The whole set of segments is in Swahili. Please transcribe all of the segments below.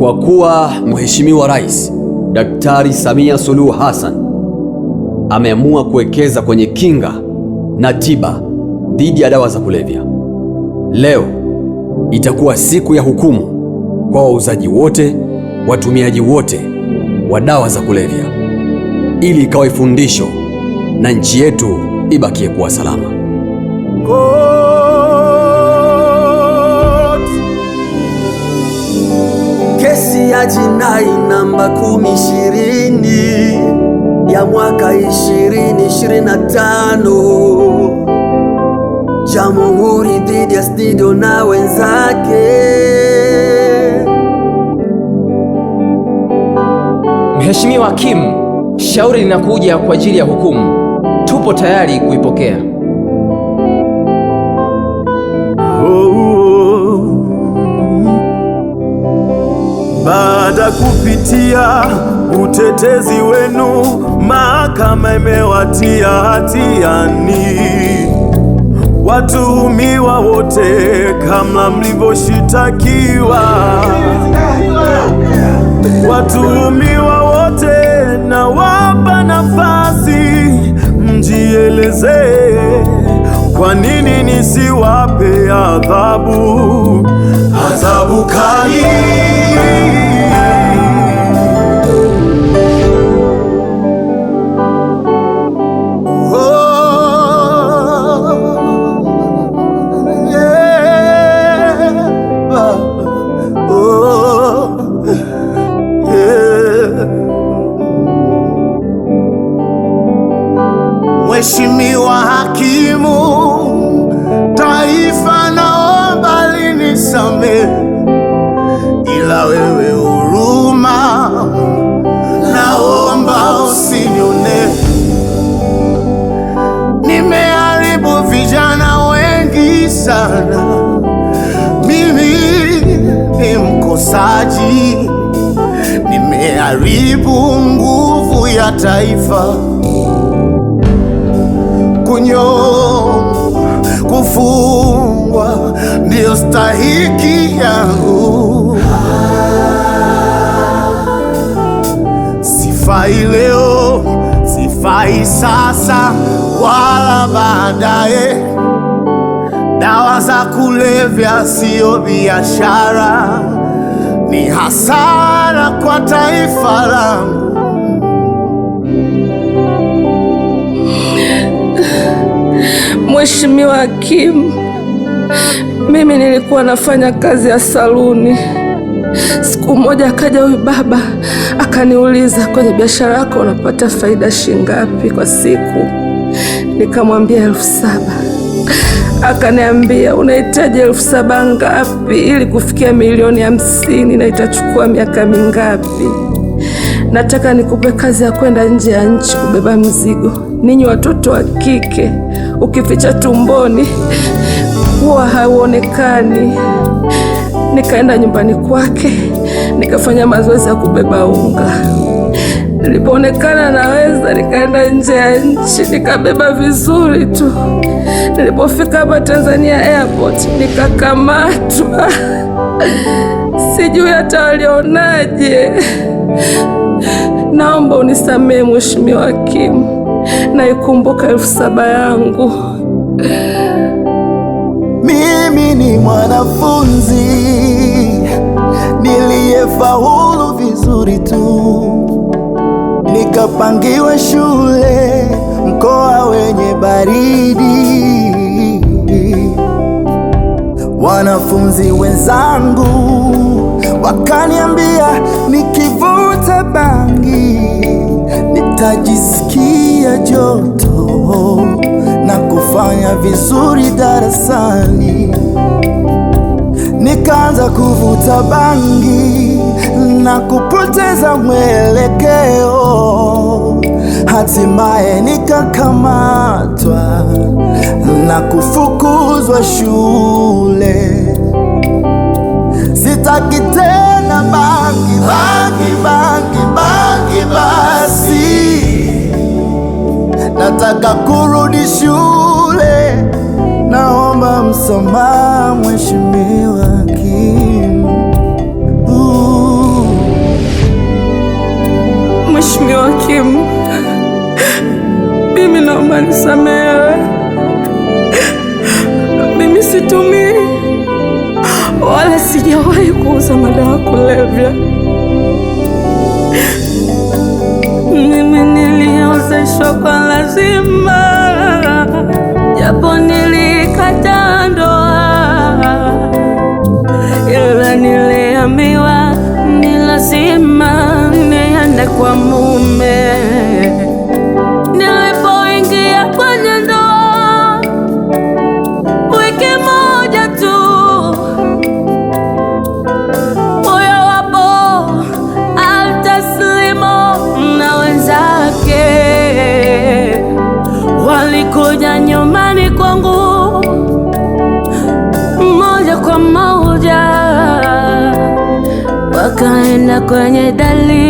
Kwa kuwa Mheshimiwa Rais Daktari Samia Suluhu Hassan ameamua kuwekeza kwenye kinga na tiba dhidi ya dawa za kulevya, leo itakuwa siku ya hukumu kwa wauzaji wote, watumiaji wote wa dawa za kulevya, ili ikawe fundisho na nchi yetu ibakie kuwa salama. ya jinai namba kumi ishirini ya mwaka ishirini ishirini na tano Jamhuri dhidi ya studio na wenzake. Mheshimiwa kim shauri linakuja kwa ajili ya hukumu, tupo tayari kuipokea. kupitia utetezi wenu, mahakama imewatia hatiani watuhumiwa wote kama mlivyoshitakiwa. Watuhumiwa wote na wapa nafasi mjielezee kwa nini nisiwape adhabu, adhabu kali? wewe huruma, naomba usinione. Nimeharibu vijana wengi sana, mimi ni mkosaji, nimeharibu nguvu ya taifa kunyo kufungwa ndiyo stahiki yangu. sifai leo, sifai sasa wala baadaye. Dawa za kulevya siyo biashara, ni hasara kwa taifa langu. Mheshimiwa Hakimu, mimi nilikuwa nafanya kazi ya saluni. Siku moja akaja huyu baba akaniuliza, kwenye biashara yako unapata faida shingapi kwa siku? Nikamwambia elfu saba. Akaniambia, unahitaji elfu saba ngapi ili kufikia milioni hamsini na itachukua miaka mingapi? Nataka nikupe kazi ya kwenda nje ya nchi kubeba mzigo. Ninyi watoto wa kike, ukificha tumboni huwa hauonekani. Nikaenda nyumbani kwake nikafanya mazoezi ya kubeba unga. Nilipoonekana naweza, nikaenda nje ya nchi nikabeba vizuri tu. Nilipofika hapa Tanzania airport nikakamatwa. Sijui hata walionaje. Naomba unisamehe Mheshimiwa Hakimu, naikumbuka elfu saba yangu. Mimi ni mwanafunzi niliyefaulu vizuri tu, nikapangiwa shule mkoa wenye baridi. Wanafunzi wenzangu wakaniambia nikivuta bangi nitajisikia joto na kufanya vizuri darasani, nikaanza kuvuta bangi na kupoteza mwelekeo. Hatimaye nikakamatwa na kufukuzwa shule. Sitaki tena bangi, bangi, bangi, bangi, bangi nataka kurudi shule, naomba msamaha mheshimiwa kim Mheshimiwa hakimu, mimi naomba nisamehe, mimi situmii wala sijawahi kuuza madawa kulevya. kwa mume. Nilipoingia kwenye ndoa wiki moja tu, moyo wapo altaslimo na wenzake walikuja nyumbani kwangu moja kwa moja wakaenda kwenye dali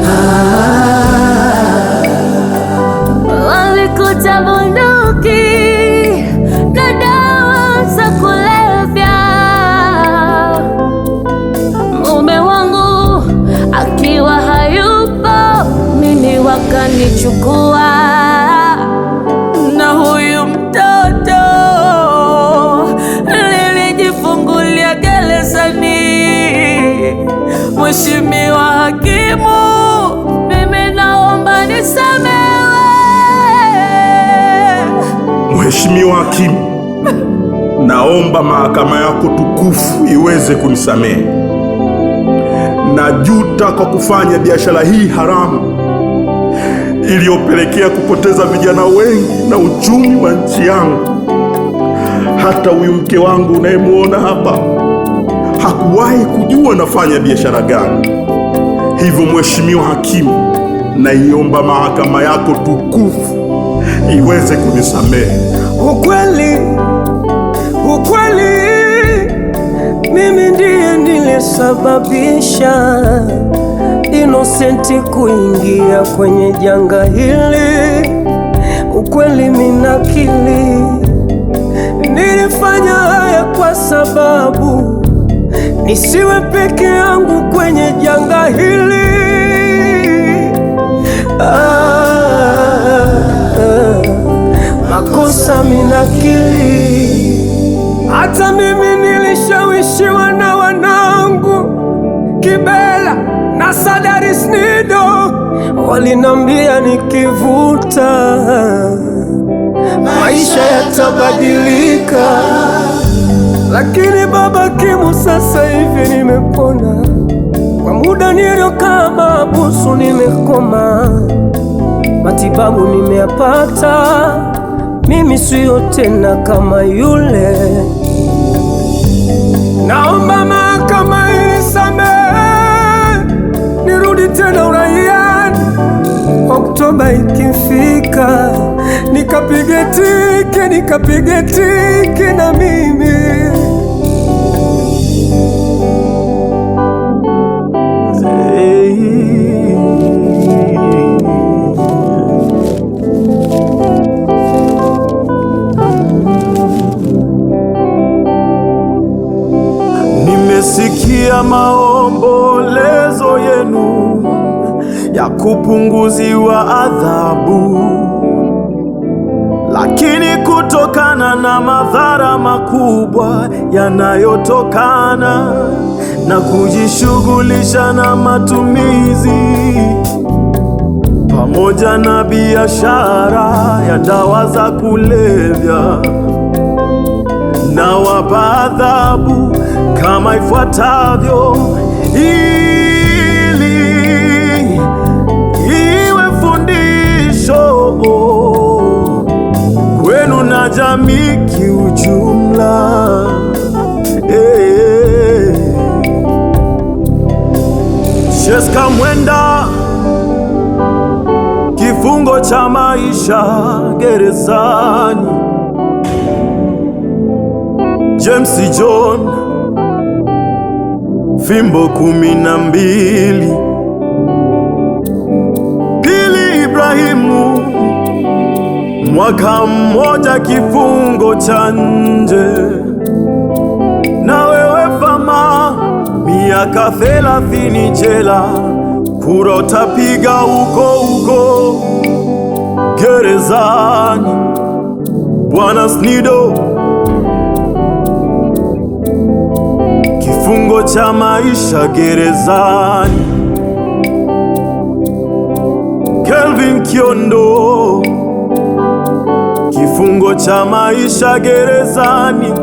Mheshimiwa Hakimu, naomba mahakama yako tukufu iweze kunisamehe. Najuta kwa kufanya biashara hii haramu iliyopelekea kupoteza vijana wengi na uchumi wa nchi yangu. Hata huyu mke wangu unayemwona hapa hakuwahi kujua nafanya biashara gani. Hivyo Mheshimiwa Hakimu, naiomba mahakama yako tukufu iweze kunisamehe. Ukweli, ukweli, mimi ndiye nilisababisha Inosenti kuingia kwenye janga hili. Ukweli minakili, nilifanya haya kwa sababu nisiwe peke yangu kwenye janga hili ah makosa minakili. Hata mimi nilishawishiwa na wanangu Kibela na Sadari Snido, walinambia nikivuta maisha yatabadilika, lakini baba Kimu, sasa hivi nimepona. Kwa muda niliokaa mahabusu nimekoma, matibabu nimeyapata siyo tena kama yule. Naomba mahakama inisamehe, nirudi tena uraiani. Oktoba ikifika, nikapige tiki, nikapige tiki na mimi kupunguziwa adhabu, lakini kutokana na madhara makubwa yanayotokana na kujishughulisha na matumizi pamoja na biashara ya dawa za kulevya, na wapa adhabu kama ifuatavyo. jamii kiujumla. Eh. Hey. Mwenda, kifungo cha maisha gerezani. James John, fimbo kumi na mbili. mwaka mmoja kifungo cha nje, na wewe fama miaka thelathini jela, kura utapiga uko uko gerezani. Bwana Snido, kifungo cha maisha gerezani. Kelvin Kiondo kifungo cha maisha gerezani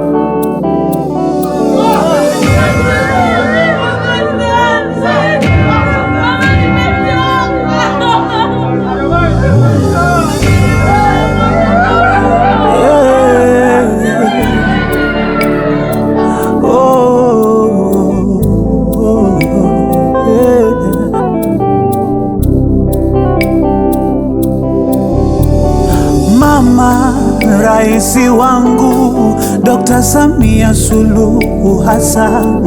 Dr. Samia Suluhu Hassan,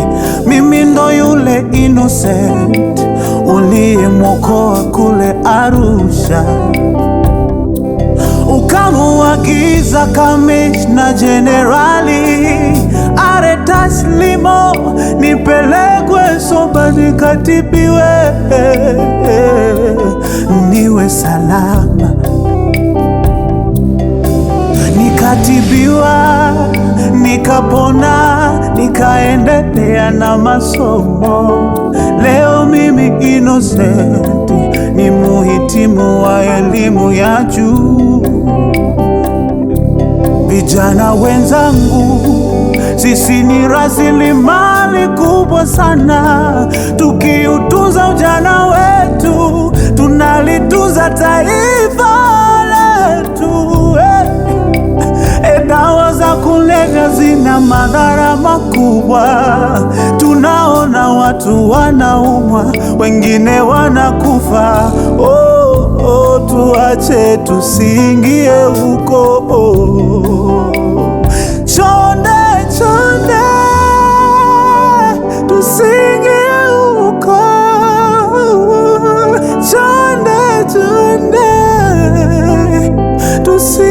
mimi ndo yule innocent uliyemwokoa kule Arusha, ukamuagiza kamishna jenerali are taslimo nipelekwe Soba nikatibiwe niwe salama, nikatibiwa nikapona, nikaendelea na masomo. Leo mimi Innocent ni muhitimu wa elimu ya juu. Vijana wenzangu, sisi ni rasilimali kubwa sana, tukiutunza ujana wetu tunalitunza taifa. fedha zina madhara makubwa. Tunaona watu wanaumwa, wengine wanakufa. Oh, oh, tuache tusiingie huko. Oh, chonde chonde, tusiingie huko. Chonde chonde, tusi